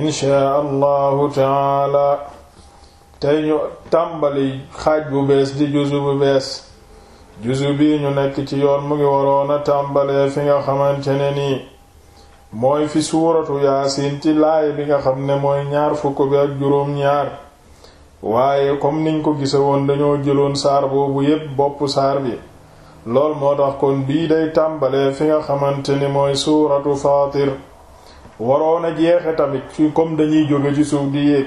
inchaa allahu taala tey ñu tàmbali xaaj bu bees di juzu bu bees juzu bii ñu nekk ci yoon mu ngi waroon a tàmbalee fi nga xamante ne nii mooy fi suuratu yaasin ci laay bi nga xam ne mooy ñaar fukk bi ak juróom-ñaar waaye comme niñ ko gisa woon dañoo jëloon saar boobu yépp bopp saar bi lool moo tax kon bii day tàmbalee fi nga xamante ni mooy suuratu faatir waroon a jeexe tamit ci comme dañuy jóge ci suuf di yéeg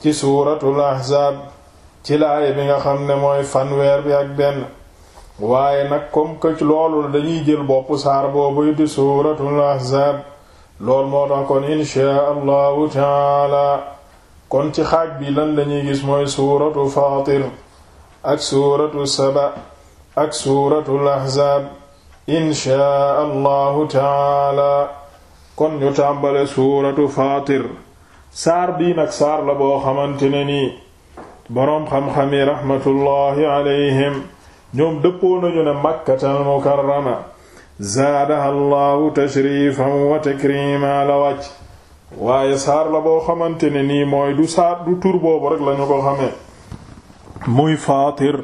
ci suuratul ahzaab ci laay bi nga xam ne mooy fanweer bi ak benn waaye nag comme que loolu dañuy jël boppu saar boobu di suuratul ahzaab loolu moo tax kon inchaa allahu taala kon ci xaaj bi lan lañuy gis mooy suuratu faatir ak suuratu saba ak suuratul ahzaab inchaa allahu taala kon ñu tàmbale suuratu faatir saar bii nag saar la boo xamante ne nii boroom xam-xam yi raxmatullaahi alayhim ñoom dëppoo nañu ne makkatal mukarrama zaadaha llaahu tashrifan wa takrima la wàcc waaye saar la boo xamante ne nii mooy du saar du tur boobu rek lañu ko xamee muy faatir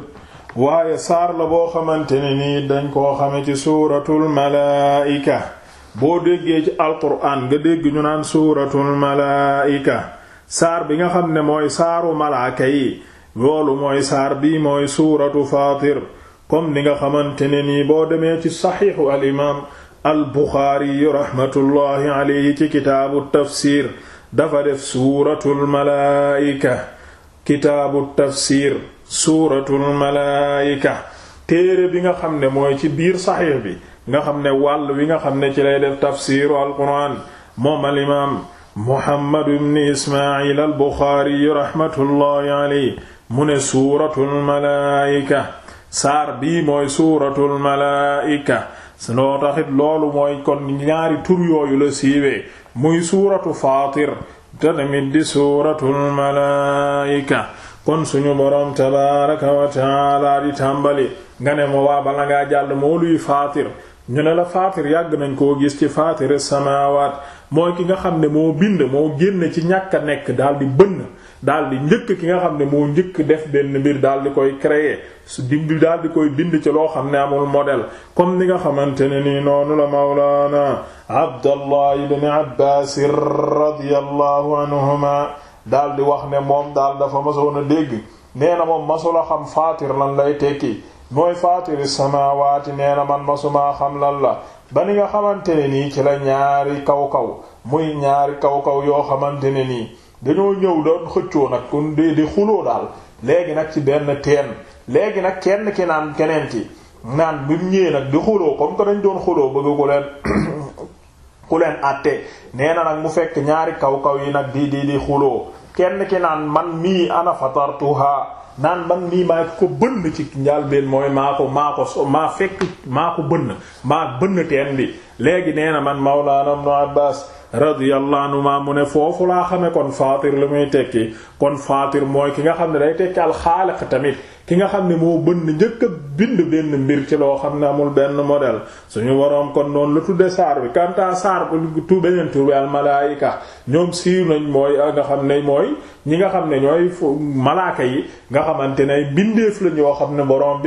waaye saar la boo xamante ne nii dañ koo xame ci suuratul malaa'ika boo déggee ci alquran nga dégg ñu naan suuratul malaayika saar bi nga xam ne mooy saaru malaaka yi loolu mooy saar bi mooy suuratu faatir comme ni nga xamante ne nii boo demee ci saxiixu al imaam al buxaari rahmatullahi alayhi ci kitaabu tafsir dafa def suuratul malaayika kitaabu tafsir suuratu malaayika téere bi nga xam ne mooy ci biir saxiix bi nga xam ne wàll wi nga xam ne ci lay def tafsiru alquran moom al imaam muhammad ibn ismail al buxaari rahmatullahi mu ne suuratul malaayika saar bii mooy suuratul malaayika loo taxit loolu mooy kon ñaari tur yooyu la siiwee muy suuratu faatir te tamit di suuratul malaayika kon suñu boroom tabaaraka wa taala di tàmbali nga ne mo waa bala ngaa jàll moo faatir ñu ne la faatir yàgg nañ koo gis ci faatir samaawaat mooy ki nga xam ne moo bind moo génn ci ñàkk a nekk daal di bënn daal di njëkk ki nga xam ne moo njëkk def benn mbir daal di koy créer su dimbi daal di koy bind ci loo xam ne amul modèle comme ni nga xamante ne nii noonu la mawlaana abdallah ibn abbaas radiyallahu anhuma daal di wax ne moom daal dafa masoon a dégg nee na moom masula xam faatir lan lay tekki mooy faatiri samaawaati waati na man masumaa xam lan la ba ni nga xamante ne nii ci la ñaari kaw-kaw muy ñaari kaw-kaw yoo xamante ne nii dañoo ñëw doon xëccoo nag kon di xuloo daal léegi nag ci benn teen léegi nag kenn ki naan keneen ki naan bi mu ñëwee nag di xuloo comme que dañ doon xuloo bëgg ko leen ku leen àtte nee na nag mu fekk ñaari kaw-kaw yi nag di di xuloo kenn ki naan man mii ana fatartuha naan man nii maa ko bënn ci njàlbéen mooy maa ko maa ko maa fekk maa ko bënn maa bënn teen bi léegi man na man Mawlaana Ibnu Abbaas radiyallahu anhuma mu ne foofu laa xamee kon faatir li muy tekki kon faatir mooy ki nga xam ne day tekki alxaaliq tamit ki nga xam ne moo bënn njëkk bind benn mbir ci loo xam ne amul benn model suñu waroom kon noonu la tudde saar bi kanta saar bu tu beneen tur bi ñoom siiw nañ mooy nga xam ne mooy ñi nga xam ne ñooy malaaka yi xamante ne ay bindeef xam ne borom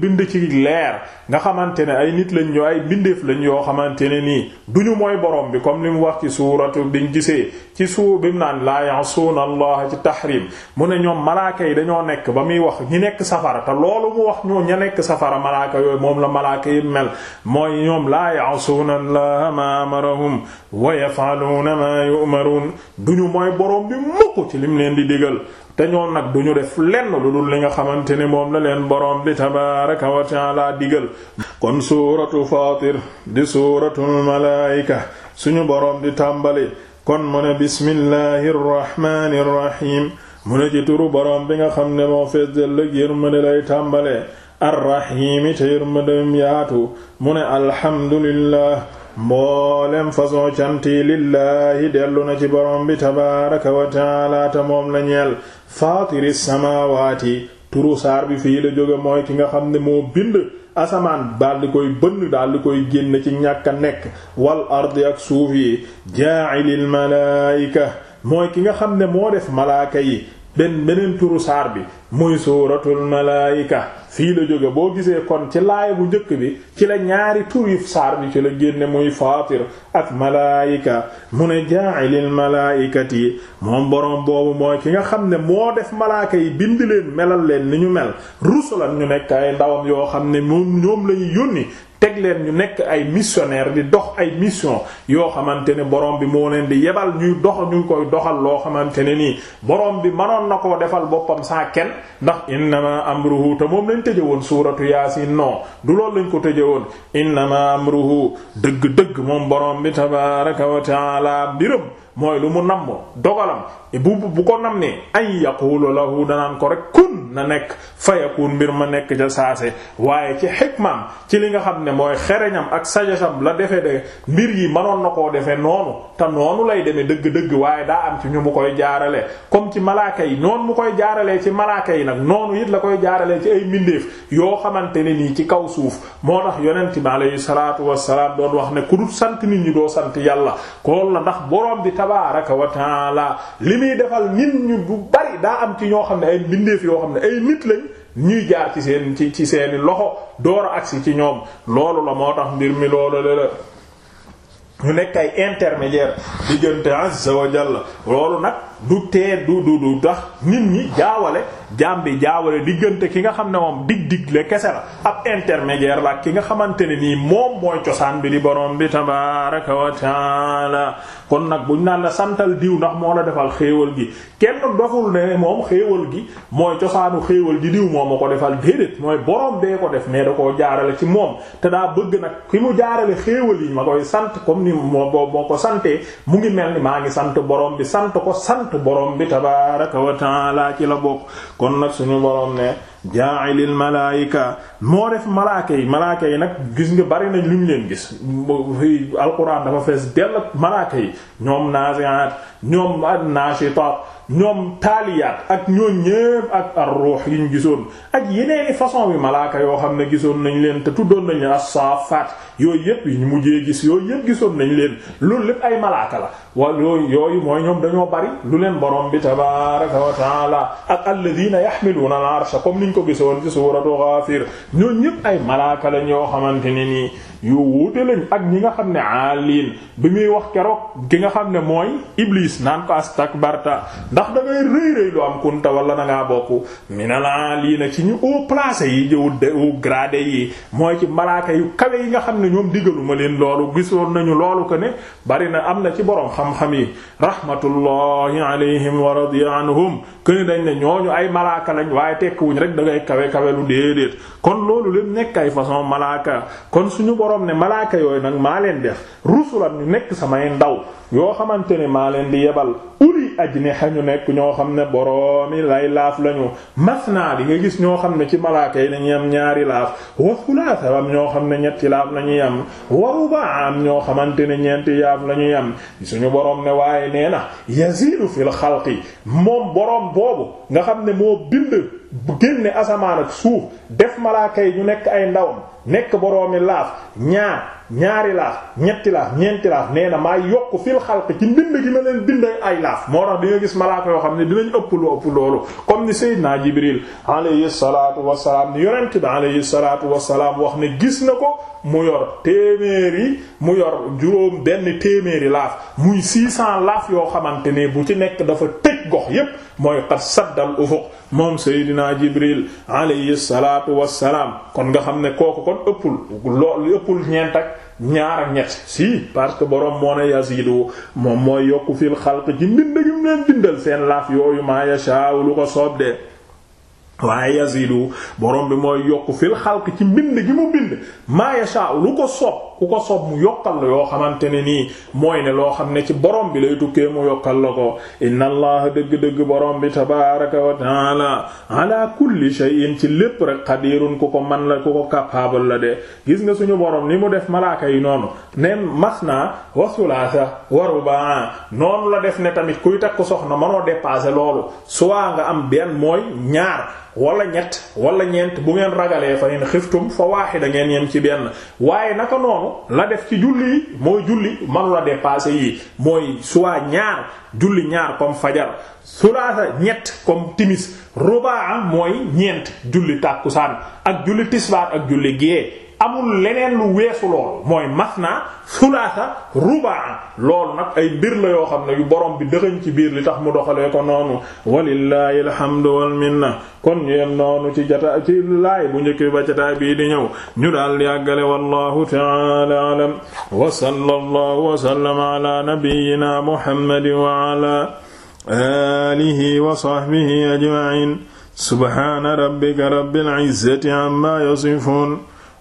bind ci leer nga xamante ne ay nit lañ ñoo ay lañ yoo xamante ne nii duñu mooy borom bi comme li mu wax ci suuratu biñ gisee ci bi mu naan laa ya'suuna allah ci tahrim mu ne ñoom malaaka yi dañoo nekk ba muy wax ñi nekk safara te loolu mu wax ñoo ña nekk safara malaaka yooyu moom la malaaka yi mel mooy ñoom laa ya'suuna allaha ma amarahum wa yaf'aluuna ma yu'maruun duñu mooy borom bi mukk ci lim leen di dégg digal te ñoom nag du ñu def lenn lu dul li nga xamante ni moom la leen boroom bi tabaaraka wa ta'aala digal kon suuratu faatir di suuratul malaayika suñu borom di tàmbali kon mu ne bismillahi rrahmani rrahim mu ne ci bi nga xam ne moo fees del lëg yërmande lay tàmbalee arrahimi te yërmandeem yaatu mu ne alhamdulillah mboolem façon cant yi lillaahi dellu na ci borom bi tabaaraka wa taala te moom la ñeel faatiri samaawaati turu saar bi fii la jóge mooy ki nga xam ne moo bind asamaan daal di koy bënn daal di koy génn ci ñàkk nekk wal ardi ak suuf yi jaa'ilil mooy ki nga xam ne moo def malaaka yi benn beneen turu saar bi muy suuratul malaayika fii la jóge boo gisee kon ci laay bu njëkk bi ci la ñaari tur yu saar bi ci la génne muy faatir ak malaayika mu ne jaa'ilil yi moom boroom boobu mooy ki nga xam ne moo def malaaka yi bind leen melal leen ni ñu mel rusulan ñu nekk ay ndawam yoo xam ne moom ñoom lañuy yónni teg leen ñu nekk ay missionnaire di dox ay mission yoo xamante ne borom bi moo leen di yebal ñuy dox ñu koy doxal loo xamante ne nii borom bi manoon na koo defal boppam saa kenn ndax innama amruhu te moom lañ tëje woon suuratu si noo du loolu lañ ko tëje woon innama amruhu dëgg-dëgg moom borom bi tabaaraka wa ta'ala biram mooy lu mu namm dogalam bu bu ko nam ne ay yaqulu lahu danaan ko rek kun na nekk fayakun mbir ma nekk ca saase waaye ci xikmaam ci li nga xam ne mooy xereñam ak sajasam la defe de mbir yi manoon na koo defee noonu te noonu lay demee dëgg-dëgg waaye daa am ci ñu mu koy jaarale comme ci malaaka yi noonu mu koy jaaralee ci malaaka yi nag noonu it la koy jaaralee ci ay mbindeef yoo xamante ne nii ci kaw suuf moo tax yonent bi alayhi salaatu wassalaam doon wax ne ku sant nit ñi doo sant yàlla tabaaraka wa taala li muy defal nit ñu bu bari daa am ci ñoo xam ne ay mbindeef yoo xam ne ay nit lañ ñuy jaar ci seen ci ci seeni loxo door a agsi ci ñoom loolu la moo tax mbir mi loolu la. ñu nekk ay intermédiaire diggante azza wa jalla loolu nag du tee du du du tax nit ñi jaawale jaam bi jaawale diggante ki nga xam ne moom dig-digle kese la ab intermédiaire la ki nga xamante ne nii moom mooy cosaan bi li borom bi tabaraka wa taala kon nag bu buñ naan la santal diw ndax moo la defal xéewal gi kenn doful ne moom xéewal gi mooy cosaanu xéewal gi diw moom ma ko defal déedéet mooy borom bee ko def mais da koo jaarale ci moom te daa bëgg nag ki ni moo boo ko sante mu ngi mel ni maa ngi sant borom bi sant ko sant borom bi tabaaraka wa laa ci la bokk kon nag suñu borom ne jaa'ilil malaayika moo def malaaka yi malaaka yi nag gis nga bari nañ lu ñu leen gis fii alquran dafa fees dell malaaka yi ñoom nazi'at ñoom nashitat ñoom taaliyaat ak ñoo ñépp ak ar-ruux yi ñu gisoon ak yeneeni façon bi malaaka yoo xam ne gisoon nañ leen te tuddoon nañ leen as-saaffaat yooyu yépp yi ñu mujjee gis yooyu yépp gisoon nañ leen loolu lépp ay malaaka la wa yooyu yooyu mooy ñoom dañoo bari lu leen borom bi tabaaraka wa ak alladhiina yahmiluuna al-arsha ko gisoon ci suuratu Ghaafir ñooñu ñëpp ay malaaka la ñoo xamante ne nii yu wuute lañ ak ñi nga xam ne aliin bi muy wax keroog ki nga xam ne mooy iblis naan ko astakbarta ndax da ngay rëy rëy lu am kunta wala na ngaa bokk minal aliin ci placé yi jëw de haut gradé yi mooy ci malaaka yu kawe yi nga xam ne ñoom digaluma leen loolu gisoon nañu loolu ko ne bari na am na ci boroom xam-xam yi rahmatullahi alayhim wa radiya anhum këni dañ ne ñooñu ay malaaka lañ waaye tekkiwuñ rek da ngay kawe kawe lu déedéet kon loolu leen nekk ay façon malaaka kon suñu boroom boroom malaaka yooyu nag maa leen def rusulan ñu nekk samay ndaw yoo xamante ne maa leen di yebal uli ajniha ñu nekk ñoo xam ne boroomi lay laaf lañu masna di nga gis ñoo xam ne ci malaaka yi dañuy am ñaari laaf wa sulaasa am ñoo xam ne ñetti laaf la ñuy am wa am ñoo xamante ne ñeenti yaaf la ñuy suñu boroom ne waaye nee na yaziidu fil xalqi moom boroom boobu nga xam ne moo bind génne asamaan ak suuf def malaaka yi ñu nekk ay ndawam nekk boroomi laaf ñaar ñaari laaf ñetti laaf ñeenti laaf nee na maa yokk fil xalq ci mbind gi ma leen bind ay laaf moo tax di nga gis malaaka yoo xam ne dinañ ëpp lu ëpp comme ni Seydina Jibril alayhi salaatu wassalaam ni yonent bi alayhi salaatu wassalaam wax ne gis na ko mu yor téeméeri mu yor juróom benn téeméeri laaf muy 600 laaf yoo xamante ne bu ci nekk dafa tëj gox yépp mooy qad saddal ufuq moom Seydina Jibril alayhi salaatu wassalaam kon nga xam ne kooku kon ëppul loolu ëppul ñeent ak ñaar ak ñett si parce que borom moo ne yazidu moom mooy yokku fil xalq ci mbind gi mu leen bindal seen laaf yooyu maa yashaa lu ko soob de waaye yazidu borom bi mooy yokk fil xalq ci mbind gi mu bind maa yasha lu ko soob ku ko soob mu yokkal la yoo xamante ne nii mooy ne loo xam ne ci boroom bi lay tukkee mu yokkal la ko inna allaha dëgg-dëgg borom bi tabaraka wa taala ala kulli ci lépp rek qadirun ku ko man la ku la de gis nga suñu borom ni mu def malaaka yi noonu neen masna wa sulaasa wa rubaa noonu la def ne tamit kuy takk soxna mënoo dépasser loolu soit am benn mooy ñaar wala ñett wala ñeent bu ngeen ragalee fa in xiftum fa waahida ngeen yem ci benn waaye naka noonu la def ci julli yi mooy julli manu la dépasser yi mooy soit ñaar julli ñaar comme fajar sulaasa ñett comme timis rubaa mooy ñeent julli tàkkusaan ak julli tisbaar ak julli gée amul leneen lu weesu loolu mooy masna sulaasa rubaa loolu nag ay mbir la yoo xam ne yu borom bi dëxëñ ci biir li tax mu doxalee ko noonu walillahi alhamdu wal minna kon ñu yem noonu ci jata ci laay bu njëkk ba jataay bii di ñëw ñu daal yàggale wallahu ta'ala alam wa sallallahu wa sallama ala nabiyyina muhammad wa ala alihi wa sahbihi ajma'in subhana rabbika rabbil izzati amma yasifun